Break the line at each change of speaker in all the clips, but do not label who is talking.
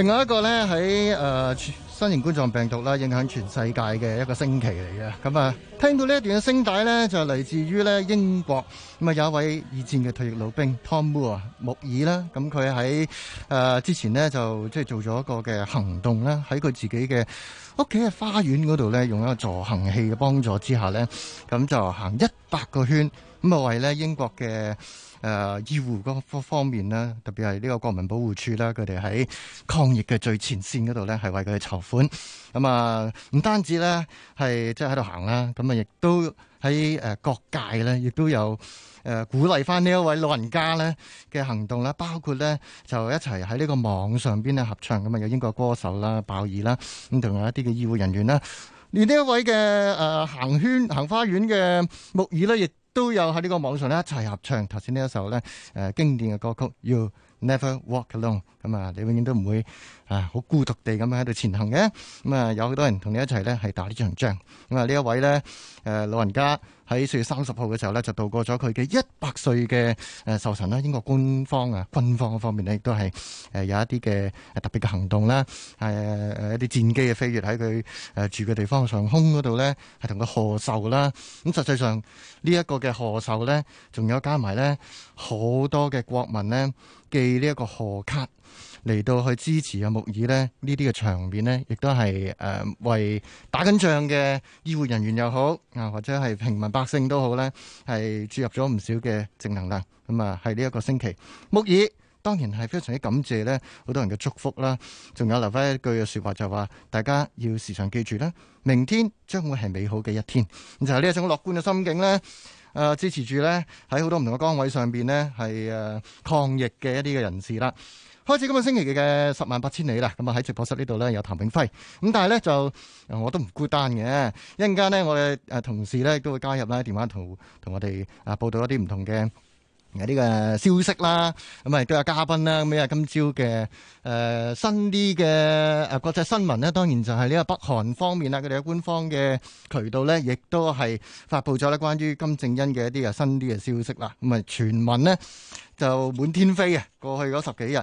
另外一個咧喺誒新型冠狀病毒啦，影響全世界嘅一個星期嚟嘅，咁、嗯、啊聽到呢一段嘅聲帶咧，就嚟自於咧英國咁啊、嗯、有一位二戰嘅退役老兵 Tom Moore 啊木爾啦，咁佢喺誒之前呢，就即係、就是、做咗一個嘅行動啦，喺佢自己嘅屋企嘅花園嗰度咧，用一個助行器嘅幫助之下咧，咁、嗯、就行一百個圈，咁、嗯、啊為咧英國嘅。誒、呃、醫護方面咧，特別係呢個國民保護處啦。佢哋喺抗疫嘅最前線嗰度呢，係為佢哋籌款。咁啊，唔單止呢，係即係喺度行啦，咁啊，亦都喺誒各界呢，亦都有誒鼓勵翻呢一位老人家呢嘅行動啦。包括呢就一齊喺呢個網上邊咧合唱，咁啊，有英國歌手啦、鮑爾啦，咁同埋一啲嘅醫護人員啦。連呢一位嘅誒、呃、行圈行花園嘅木耳呢。亦～都有喺呢個網上咧一齊合唱，頭先呢一首咧誒經典嘅歌曲《You Never Walk Alone》咁啊，你永遠都唔會。啊！好孤獨地咁喺度前行嘅咁啊，有好多人同你一齊呢，係打呢場仗。咁、嗯、啊，呢一位呢，誒、呃、老人家喺四月三十號嘅時候呢，就度過咗佢嘅一百歲嘅壽辰啦。英國官方啊軍方方面呢，亦都係誒、呃、有一啲嘅特別嘅行動啦，誒、呃、誒一啲戰機嘅飛越喺佢誒住嘅地方上空嗰度呢，係同佢賀壽啦。咁、嗯、實際上呢一、這個嘅賀壽呢，仲有加埋呢好多嘅國民呢，寄呢一個賀卡。嚟到去支持阿木爾呢啲嘅場面呢，亦都係誒，為打緊仗嘅醫護人員又好啊，或者係平民百姓都好呢，係注入咗唔少嘅正能量。咁啊，喺呢一個星期，木爾當然係非常之感謝呢好多人嘅祝福啦。仲有留翻一句嘅說話就話，大家要時常記住啦，明天將會係美好嘅一天。就係呢一種樂觀嘅心境呢，誒支持住呢，喺好多唔同嘅崗位上邊呢係誒抗疫嘅一啲嘅人士啦。開始今個星期嘅十萬八千里啦，咁啊，喺直播室呢度咧有譚炳輝，咁但係咧就我都唔孤單嘅，一陣間咧我哋誒同事咧都會加入啦，電話圖同同我哋啊報道一啲唔同嘅。呢個消息啦，咁咪都有嘉賓啦。咁啊，今朝嘅誒新啲嘅誒國際新聞呢，當然就係呢個北韓方面啦，佢哋嘅官方嘅渠道呢，亦都係發布咗咧關於金正恩嘅一啲啊新啲嘅消息啦。咁啊，傳聞咧就滿天飛啊，過去嗰十幾日。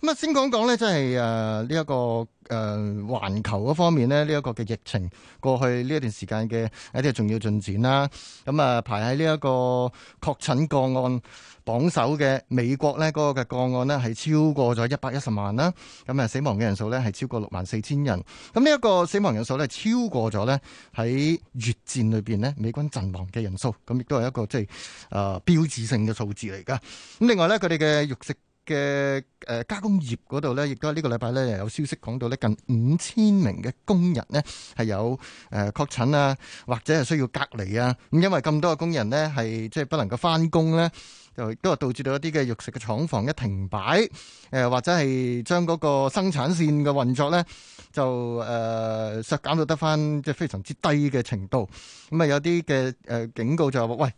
咁啊，先講講呢，即係誒呢一個誒環球嗰方面呢呢一個嘅疫情過去呢一段時間嘅一啲重要進展啦。咁啊，排喺呢一個確診個案榜首嘅美國呢，嗰個嘅個案呢係超過咗一百一十萬啦。咁啊，死亡嘅人數呢係超過六萬四千人。咁呢一個死亡人數呢，超過咗呢喺越戰裏邊呢美軍陣亡嘅人數，咁亦都係一個即係誒標誌性嘅數字嚟噶。咁另外呢，佢哋嘅肉食嘅誒加工業嗰度咧，亦都係呢個禮拜咧有消息講到咧，近五千名嘅工人咧係有誒確診啊，或者係需要隔離啊。咁因為咁多嘅工人咧係即係不能夠翻工咧。就都係導致到一啲嘅肉食嘅廠房一停擺，誒、呃、或者係將嗰個生產線嘅運作咧，就誒、呃、削減到得翻即係非常之低嘅程度。咁、嗯、啊有啲嘅誒警告就話、係：喂，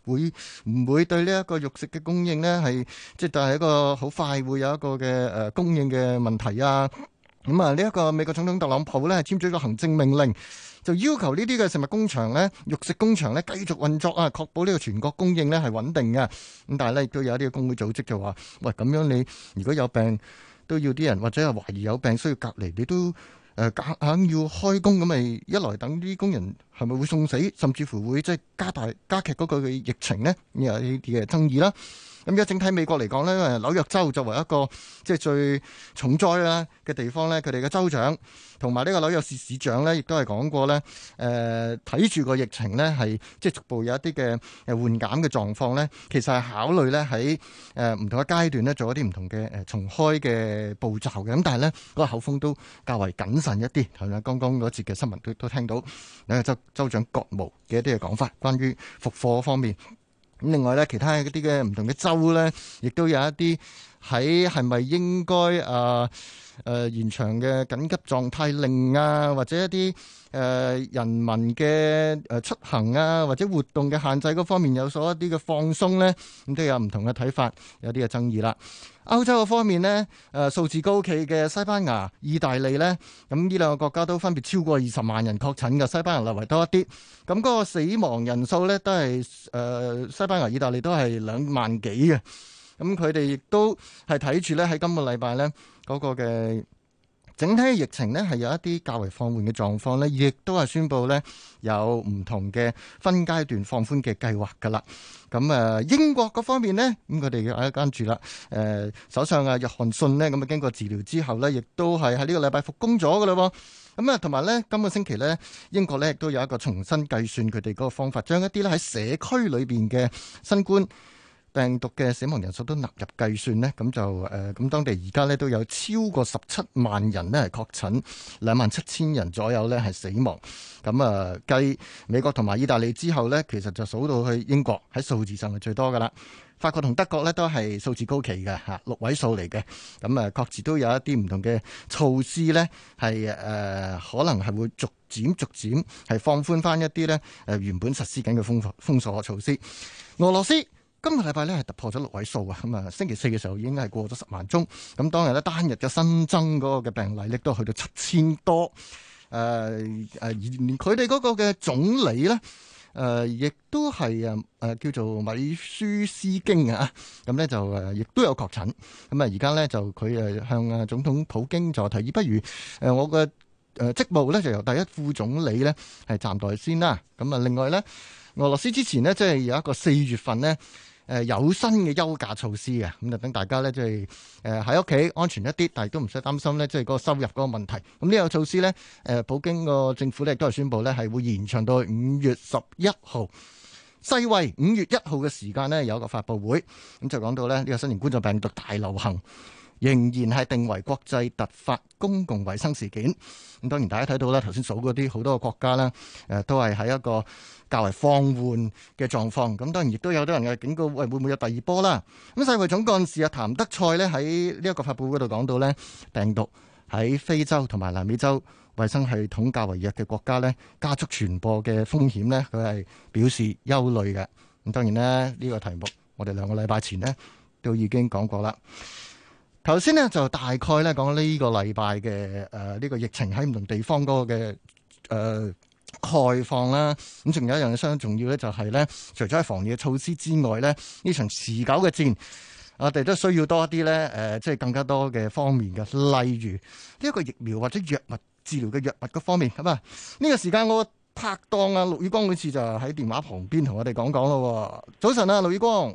會唔會對呢一個肉食嘅供應咧係即係係一個好快會有一個嘅誒、呃、供應嘅問題啊？咁啊呢一個美國總統特朗普咧簽咗一個行政命令。就要求呢啲嘅食物工場咧、肉食工場咧繼續運作啊，確保呢個全國供應咧係穩定嘅。咁但係咧，亦都有一啲工會組織就話：「喂，咁樣你如果有病都要啲人，或者係懷疑有病需要隔離，你都誒、呃、硬要開工咁咪？一來等啲工人係咪會送死，甚至乎會即係加大加劇嗰個嘅疫情呢。」有呢啲嘅爭議啦。咁而家整體美國嚟講咧，紐約州作為一個即係最重災啦嘅地方咧，佢哋嘅州長同埋呢個紐約市市長咧，亦都係講過咧，睇住個疫情咧，係即係逐步有一啲嘅誒緩減嘅狀況咧，其實係考慮咧喺唔同嘅階段咧，做一啲唔同嘅重開嘅步驟嘅。咁但係咧，個口風都較為謹慎一啲。係啦，剛剛嗰節嘅新聞都都聽到咧，紐約州州長葛模嘅一啲嘅講法，關於復課方面。咁另外咧，其他嗰啲嘅唔同嘅州咧，亦都有一啲。喺係咪應該啊誒延長嘅緊急狀態令啊，或者一啲誒、呃、人民嘅出行啊，或者活動嘅限制嗰方面有所一啲嘅放鬆咧？咁、嗯、都有唔同嘅睇法，有啲嘅爭議啦。歐洲方面呢，誒、呃、數字高企嘅西班牙、意大利咧，咁呢兩個國家都分別超過二十萬人確診嘅，西班牙略為多一啲。咁、嗯、嗰、那個死亡人數咧都係誒、呃、西班牙、意大利都係兩萬幾嘅。咁佢哋亦都係睇住咧，喺今個禮拜呢，嗰個嘅整體嘅疫情呢，係有一啲較為放緩嘅狀況呢亦都係宣布呢，有唔同嘅分階段放寬嘅計劃噶啦。咁啊，英國嗰方面呢，咁佢哋要關注啦。誒，首相啊，約翰遜呢，咁啊經過治療之後呢，亦都係喺呢個禮拜復工咗噶啦。咁啊，同埋呢，今個星期呢，英國呢，亦都有一個重新計算佢哋嗰個方法，將一啲咧喺社區裏邊嘅新冠。病毒嘅死亡人數都納入計算呢咁就誒，咁當地而家呢都有超過十七萬人呢係確診，兩萬七千人左右呢係死亡。咁啊，繼美國同埋意大利之後呢，其實就數到去英國喺數字上係最多噶啦。法國同德國呢都係數字高企嘅吓，六位數嚟嘅。咁啊，確實都有一啲唔同嘅措施呢，係、呃、可能係會逐漸逐漸係放寬翻一啲呢原本實施緊嘅封封鎖措施。俄羅斯。今日禮拜咧係突破咗六位數啊！咁啊，星期四嘅時候已經係過咗十萬宗。咁當然咧，單日嘅新增嗰個嘅病例亦都去到七千多。誒、呃、誒，佢哋嗰個嘅總理咧，誒、呃、亦都係誒誒叫做米舒斯京啊。咁咧就誒亦、啊、都有確診。咁啊，而家咧就佢誒向啊總統普京就提議，不如誒我嘅誒職務咧就由第一副總理咧係暫代先啦。咁啊，另外咧，俄羅斯之前呢，即、就、係、是、有一個四月份呢。誒、呃、有新嘅休假措施嘅，咁就等大家咧，即係誒喺屋企安全一啲，但係都唔使擔心咧，即係嗰個收入嗰個問題。咁呢個措施咧，誒普京個政府咧都係宣布咧，係會延長到五月十一號。世衛五月一號嘅時間呢，有一個發佈會，咁就講到咧呢個新型冠狀病毒大流行，仍然係定為國際突發公共衞生事件。咁當然，大家睇到啦，頭先數嗰啲好多個國家咧，誒都係喺一個較為放緩嘅狀況。咁當然亦都有啲人嘅警告，喂會唔會有第二波啦？咁世衞總幹事啊，譚德賽呢，喺呢一個發佈會度講到呢，病毒喺非洲同埋南美洲衞生系統較為弱嘅國家呢，加速傳播嘅風險呢，佢係表示憂慮嘅。咁當然呢，呢、呢個題目我哋兩個禮拜前呢，都已經講過啦。頭先呢，就大概咧講呢個禮拜嘅誒呢個疫情喺唔同地方嗰個嘅誒開放啦，咁、嗯、仲有一樣相當重要咧，就係咧除咗係防疫措施之外咧，呢場持久嘅戰，我哋都需要多一啲咧誒，即係更加多嘅方面嘅，例如呢一個疫苗或者藥物治療嘅藥物嗰方面咁啊。呢個時間我拍檔啊陸宇光好似就喺電話旁邊同我哋講講咯。早晨啊，陸宇光。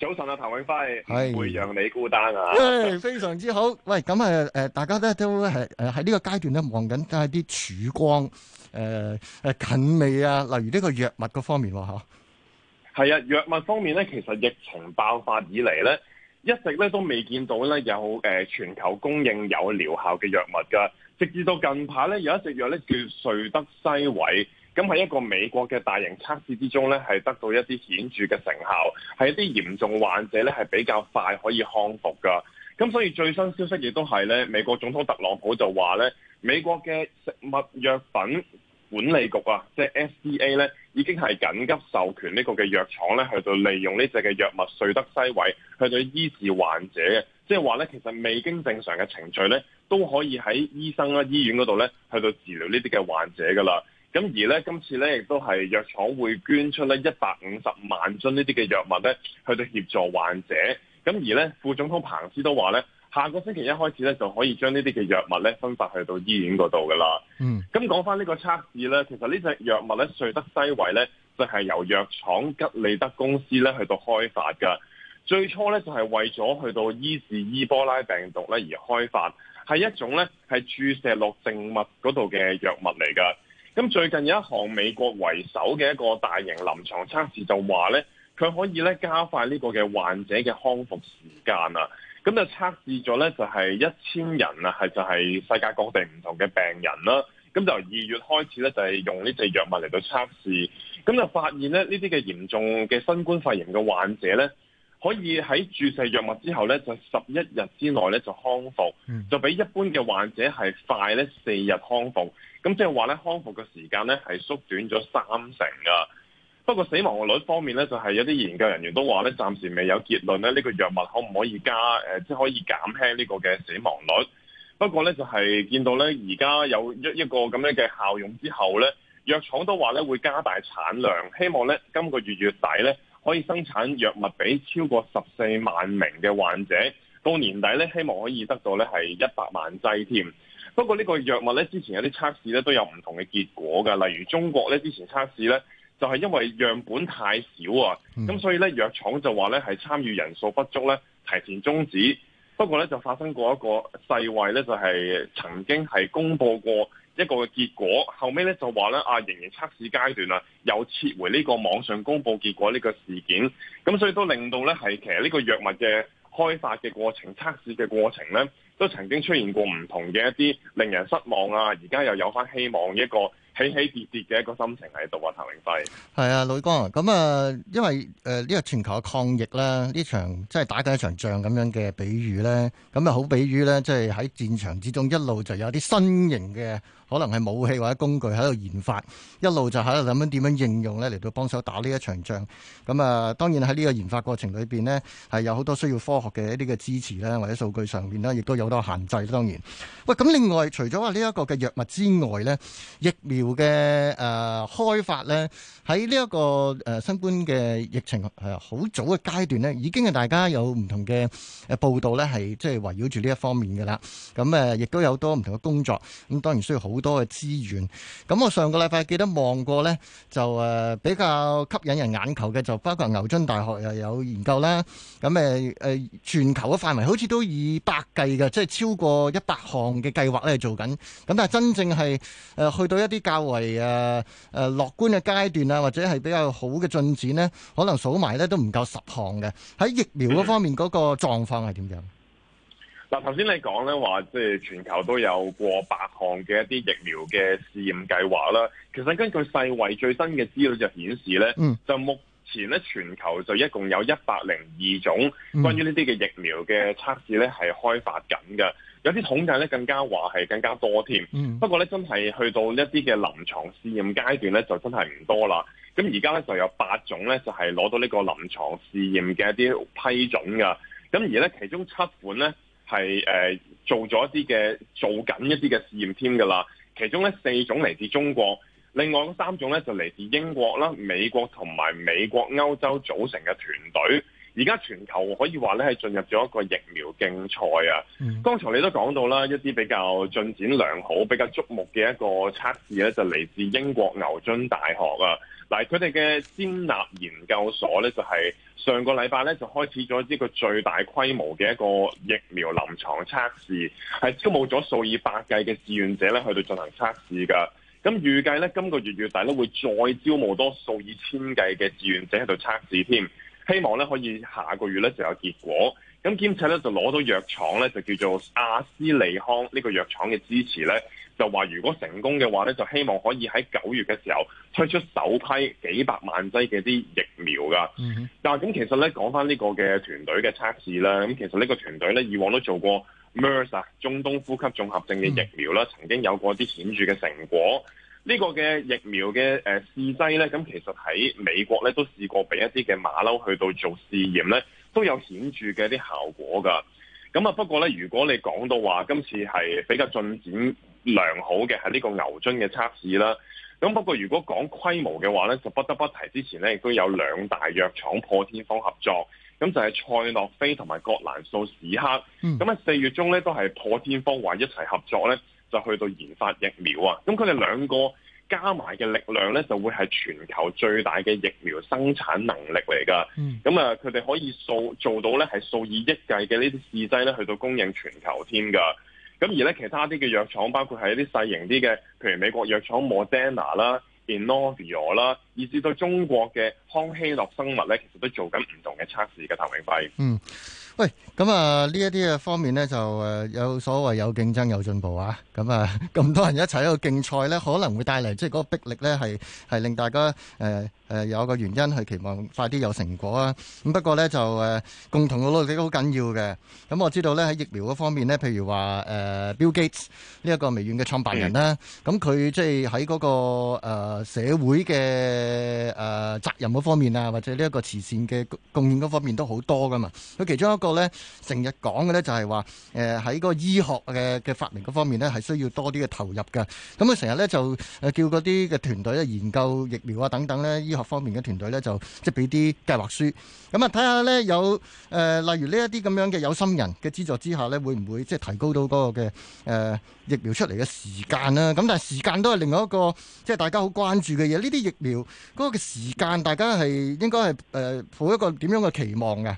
早晨啊，譚永輝，會讓你孤單啊，
非常之好。喂，咁啊，誒、呃，大家咧都係誒喺呢個階段咧望緊都係啲曙光，誒、呃、誒近尾啊，例如呢個藥物嗰方面喎，係啊，
藥、啊、物方面咧，其實疫情爆發以嚟咧，一直咧都未見到咧有誒全球供應有療效嘅藥物噶，直至到近排咧有一隻藥咧叫瑞德西韋。咁喺一個美國嘅大型測試之中咧，係得到一啲顯著嘅成效。係一啲嚴重患者咧，係比較快可以康復噶。咁所以最新消息亦都係咧，美國總統特朗普就話咧，美國嘅食物藥品管理局啊，即係 FDA 咧，已經係緊急授權呢個嘅藥廠咧，去到利用呢隻嘅藥物瑞德西韋去到醫治患者嘅，即係話咧，其實未經正常嘅程序咧，都可以喺醫生啦、醫院嗰度咧，去到治療呢啲嘅患者噶啦。咁而咧，今次咧亦都係藥廠會捐出咧一百五十萬樽呢啲嘅藥物咧，去到協助患者。咁而咧，副總統彭斯都話咧，下個星期一開始咧就可以將呢啲嘅藥物咧分發去到醫院嗰度噶啦。嗯，咁講翻呢個測試咧，其實呢隻藥物咧，瑞德西韋咧，就係由藥廠吉利德公司咧去到開發噶。最初咧就係為咗去到醫治伊波拉病毒咧而開發，係一種咧係注射落靜脈嗰度嘅藥物嚟噶。咁最近有一項美國為首嘅一個大型臨床測試就話咧，佢可以咧加快呢個嘅患者嘅康復時間啊！咁就測試咗咧就係一千人啊，係就係世界各地唔同嘅病人啦。咁就由二月開始咧就係用呢隻藥物嚟到測試，咁就發現咧呢啲嘅嚴重嘅新冠肺炎嘅患者咧，可以喺注射藥物之後咧就十一日之內咧就康復，就比一般嘅患者係快咧四日康復。咁即係話咧，康復嘅時間咧係縮短咗三成噶不過死亡率方面咧，就係有啲研究人員都話咧，暫時未有結論咧，呢個藥物可唔可以加？誒，即係可以減輕呢個嘅死亡率。不過咧，就係見到咧，而家有一一個咁樣嘅效用之後咧，藥廠都話咧會加大產量，希望咧今個月月底咧可以生產藥物俾超過十四萬名嘅患者。到年底咧，希望可以得到咧係一百萬劑添。不過這個藥物呢個藥物咧，之前有啲測試咧都有唔同嘅結果㗎。例如中國咧之前測試咧，就係、是、因為樣本太少啊，咁所以咧藥廠就話咧係參與人數不足咧，提前中止。不過咧就發生過一個世衛咧，就係、是、曾經係公佈過一個嘅結果，後尾咧就話咧啊仍然測試階段啊，又撤回呢個網上公佈結果呢個事件。咁所以都令到咧係其實呢個藥物嘅開發嘅過程、測試嘅過程咧。都曾經出現過唔同嘅一啲令人失望啊！而家又有翻希望，一個起起跌跌嘅一個心情喺度啊，唐明
輝。係啊，宇光。咁、嗯、啊，因為誒呢個全球嘅抗疫啦，呢場即係打緊一場仗咁樣嘅比喻咧，咁、嗯、啊好比喻咧，即係喺戰場之中一路就有啲新型嘅。可能係武器或者工具喺度研發，一路就喺度諗緊點樣應用咧，嚟到幫手打呢一場仗。咁啊，當然喺呢個研發過程裏邊咧，係有好多需要科學嘅一啲嘅支持啦，或者數據上面咧，亦都有好多限制。當然，喂，咁另外除咗話呢一個嘅藥物之外咧，疫苗嘅誒、呃、開發咧，喺呢一個誒新冠嘅疫情係好早嘅階段咧，已經係大家有唔同嘅誒報道咧，係即係圍繞住呢一方面嘅啦。咁誒，亦都有多唔同嘅工作，咁當然需要好。好多嘅資源，咁我上個禮拜記得望過呢，就誒、呃、比較吸引人眼球嘅，就包括牛津大學又有研究啦。咁誒誒全球嘅範圍，好似都以百計嘅，即係超過一百項嘅計劃咧做緊。咁但係真正係誒、呃、去到一啲較為誒誒、呃呃、樂觀嘅階段啊，或者係比較好嘅進展呢，可能數埋呢都唔夠十項嘅。喺疫苗嗰方面嗰、嗯嗰個狀況係點樣的？
嗱，頭先你講咧話，即係全球都有過百項嘅一啲疫苗嘅試驗計劃啦。其實根據世衞最新嘅資料就顯示咧，就目前咧全球就一共有一百零二種關於呢啲嘅疫苗嘅測試咧係開發緊㗎。有啲統計咧更加話係更加多添。不過咧真係去到一啲嘅臨床試驗階段咧就真係唔多啦。咁而家咧就有八種咧就係攞到呢個臨床試驗嘅一啲批准㗎。咁而咧其中七款咧。係誒、呃、做咗一啲嘅做緊一啲嘅試驗添㗎啦，其中咧四種嚟自中國，另外嗰三種咧就嚟自英國啦、美國同埋美國歐洲組成嘅團隊。而家全球可以話咧係進入咗一個疫苗競賽啊！剛才你都講到啦，一啲比較進展良好、比較矚目嘅一個測試咧，就嚟自英國牛津大學啊！嗱，佢哋嘅詹納研究所咧，就係上個禮拜咧就開始咗一個最大規模嘅一個疫苗臨床測試，係招募咗數以百計嘅志願者咧去到進行測試㗎。咁預計咧今個月月底咧會再招募多數以千計嘅志願者喺度測試添。希望咧可以下個月咧就有結果，咁兼且咧就攞到藥廠咧就叫做阿斯利康呢個藥廠嘅支持咧，就話如果成功嘅話咧，就希望可以喺九月嘅時候推出首批幾百萬劑嘅啲疫苗噶。Mm -hmm. 但係咁其實咧講翻呢個嘅團隊嘅測試啦，咁其實呢個團隊咧以往都做過 MERS 啊，中東呼吸綜合症嘅疫苗啦，曾經有過啲顯著嘅成果。呢、這個嘅疫苗嘅誒試劑咧，咁其實喺美國咧都試過俾一啲嘅馬騮去到做試驗咧，都有顯著嘅一啲效果噶。咁啊，不過咧，如果你講到話今次係比較進展良好嘅，係呢個牛津嘅測試啦。咁不過如果講規模嘅話咧，就不得不提之前咧，亦都有兩大藥廠破天荒合作，咁就係賽諾菲同埋葛蘭素史克。咁、嗯、啊，四月中咧都係破天荒話一齊合作咧。就去到研發疫苗啊！咁佢哋兩個加埋嘅力量咧，就會係全球最大嘅疫苗生產能力嚟噶。咁、嗯、啊，佢哋可以數做，做到咧係數以億計嘅呢啲試劑咧，去到供應全球添噶。咁而咧，其他啲嘅藥廠，包括係一啲細型啲嘅，譬如美國藥廠 Moderna 啦、Inovio 啦，以至到中國嘅康希諾生物咧，其實都做緊唔同嘅測試嘅，睇明唔明？嗯。
喂，咁啊呢一啲嘅方面呢，就誒有所謂有競爭有進步啊，咁啊咁多人一齊喺度競賽呢，可能會帶嚟即係嗰個逼力呢，係係令大家誒。誒、呃、有個原因係期望快啲有成果啊！咁不過咧就誒、呃、共同嘅努力幾好緊要嘅。咁、嗯、我知道咧喺疫苗方面咧，譬如話誒、呃、Bill Gates 呢一個微軟嘅創辦人啦，咁佢即係喺嗰個、呃、社會嘅誒、呃、責任方面啊，或者呢一個慈善嘅貢獻方面都好多噶嘛。佢其中一個咧成日講嘅咧就係話誒喺嗰個醫學嘅嘅發明方面咧係需要多啲嘅投入嘅。咁佢成日咧就誒叫啲嘅團隊啊研究疫苗啊等等咧醫學，方面嘅團隊呢，就即係俾啲計劃書，咁啊睇下呢有誒、呃，例如呢一啲咁樣嘅有心人嘅資助之下呢，會唔會即係提高到嗰個嘅誒、呃、疫苗出嚟嘅時間啦，啊？咁但係時間都係另外一個即係大家好關注嘅嘢，呢啲疫苗嗰個嘅時間，大家係應該係誒、呃、抱一個點樣嘅期望嘅？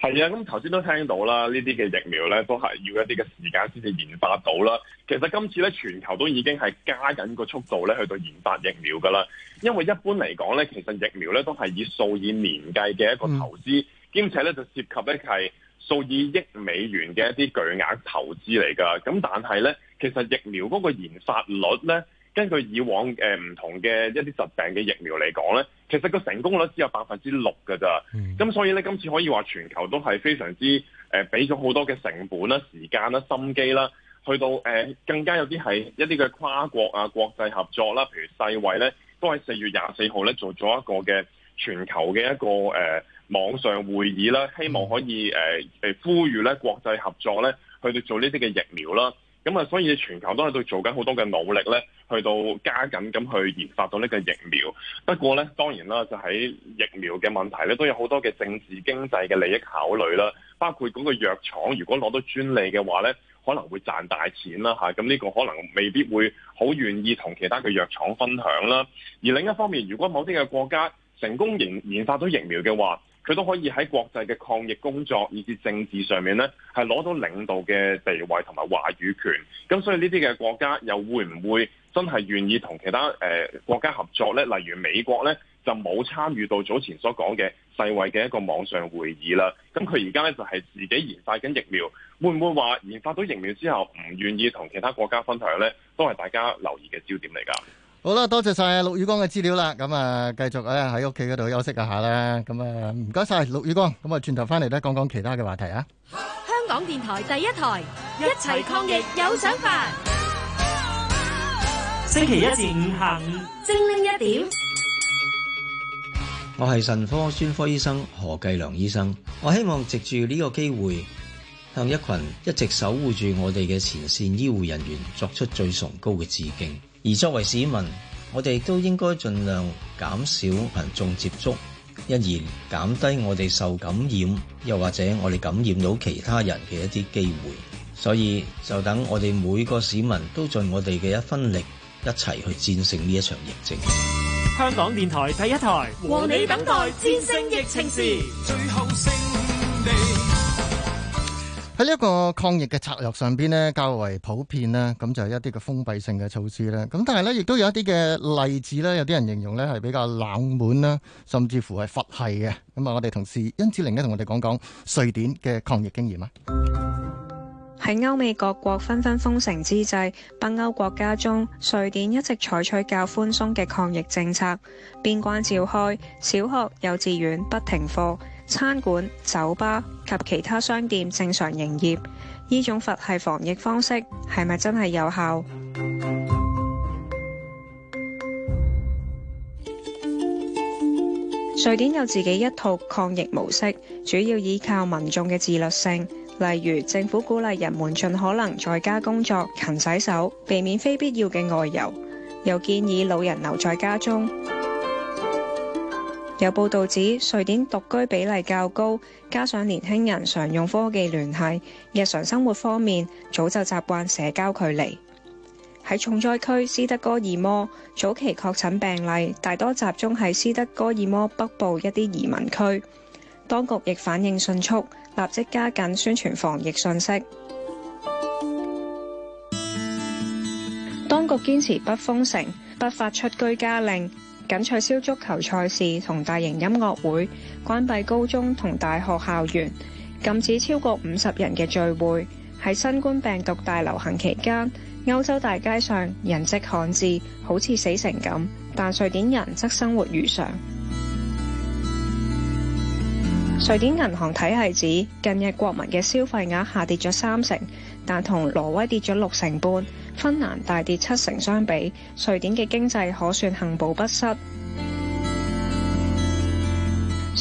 係啊，咁頭先都聽到啦，呢啲嘅疫苗咧都係要一啲嘅時間先至研發到啦。其實今次咧，全球都已經係加緊個速度咧，去到研發疫苗㗎喇。因為一般嚟講咧，其實疫苗咧都係以數以年計嘅一個投資，兼且咧就涉及咧係數以億美元嘅一啲巨額投資嚟㗎。咁但係咧，其實疫苗嗰個研發率咧，根據以往誒唔、呃、同嘅一啲疾病嘅疫苗嚟講咧，其實個成功率只有百分之六㗎咋，咁、嗯嗯、所以咧今次可以話全球都係非常之誒俾咗好多嘅成本啦、時間啦、心機啦，去到誒、呃、更加有啲係一啲嘅跨國啊、國際合作啦，譬如世衞咧都喺四月廿四號咧做咗一個嘅全球嘅一個誒、呃、網上會議啦，希望可以誒、嗯呃、呼籲咧國際合作咧去到做呢啲嘅疫苗啦。咁啊，所以全球都喺度做緊好多嘅努力咧，去到加緊咁去研發到呢個疫苗。不過咧，當然啦，就喺疫苗嘅問題咧，都有好多嘅政治經濟嘅利益考慮啦。包括嗰個藥廠，如果攞到專利嘅話咧，可能會賺大錢啦吓。咁啊，呢個可能未必會好願意同其他嘅藥廠分享啦。而另一方面，如果某啲嘅國家成功研研發到疫苗嘅話，佢都可以喺國際嘅抗疫工作以至政治上面咧，係攞到領導嘅地位同埋話語權。咁所以呢啲嘅國家又會唔會真係願意同其他呃國家合作呢？例如美國咧，就冇參與到早前所講嘅世衛嘅一個網上會議啦。咁佢而家咧就係自己研發緊疫苗，會唔會話研發到疫苗之後唔願意同其他國家分享呢？都係大家留意嘅焦點嚟㗎。
好啦，多謝晒陸宇光嘅資料啦。咁啊，繼續啊喺屋企嗰度休息一下啦。咁啊，唔該晒陸宇光。咁啊，轉頭翻嚟咧，講講其他嘅話題啊。
香港電台第一台，一齊抗疫有想法。星期一至五下午精靈一點，
我係神科專科醫生何繼良醫生。我希望藉住呢個機會，向一群一直守護住我哋嘅前線醫護人員，作出最崇高嘅致敬。而作為市民，我哋都應該盡量減少民眾接觸，因而減低我哋受感染，又或者我哋感染到其他人嘅一啲機會。所以就等我哋每個市民都盡我哋嘅一分力，一齊去戰勝呢一場疫症。香港電台第一台
和你等待戰勝疫情時，最後
喺呢一個抗疫嘅策略上邊呢較為普遍啦。咁就係一啲嘅封閉性嘅措施啦。咁但係呢，亦都有一啲嘅例子呢，有啲人形容呢係比較冷門啦，甚至乎係佛系嘅。咁啊，我哋同事甄梓鈴呢同我哋講講瑞典嘅抗疫經驗啊！
喺歐美各國紛紛封城之際，北歐國家中，瑞典一直採取較寬鬆嘅抗疫政策，邊關照開，小學、幼稚園不停課。餐館、酒吧及其他商店正常營業，呢種佛系防疫方式係咪真係有效？ 瑞典有自己一套抗疫模式，主要依靠民眾嘅自律性，例如政府鼓勵人們盡可能在家工作、勤洗手，避免非必要嘅外遊，又建議老人留在家中。有報道指，瑞典獨居比例較高，加上年輕人常用科技聯繫，日常生活方面早就習慣社交距離。喺重災區斯德哥爾摩，早期確診病例大多集中喺斯德哥爾摩北部一啲移民區，當局亦反應迅速，立即加緊宣傳防疫信息。當局堅持不封城，不發出居家令。僅取消足球賽事同大型音樂會，關閉高中同大學校園，禁止超過五十人嘅聚會。喺新冠病毒大流行期間，歐洲大街上人跡罕至，好似死城咁。但瑞典人則生活如常。瑞典銀行體系指，近日國民嘅消費額下跌咗三成，但同挪威跌咗六成半、芬蘭大跌七成相比，瑞典嘅經濟可算幸保不失。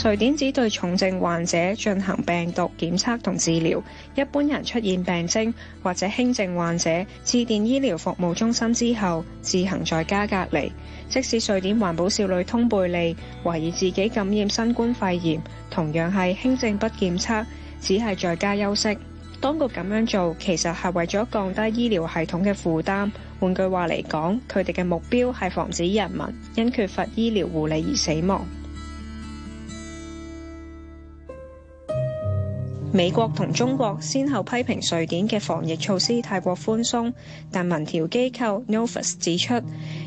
瑞典只對重症患者進行病毒檢測同治療，一般人出現病徵或者輕症患者，致電醫療服務中心之後自行在家隔離。即使瑞典環保少女通貝利懷疑自己感染新冠肺炎，同樣係輕症不檢測，只係在家休息。當局咁樣做其實係為咗降低醫療系統嘅負擔。換句話嚟講，佢哋嘅目標係防止人民因缺乏醫療護理而死亡。美國同中國先後批評瑞典嘅防疫措施太過寬鬆，但民調機構 Novus 指出，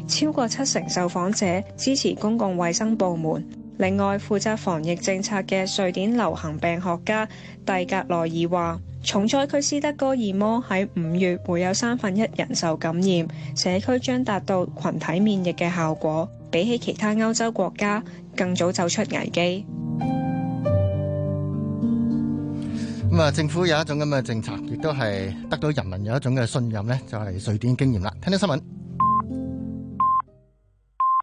超過七成受訪者支持公共衛生部門。另外，負責防疫政策嘅瑞典流行病學家蒂格內爾話，重災區斯德哥爾摩喺五月會有三分一人受感染，社區將達到群體免疫嘅效果，比起其他歐洲國家更早走出危機。
嗯、政府有一種咁嘅政策，亦都係得到人民有一種嘅信任就係、是、瑞典經驗啦。聽聽新聞。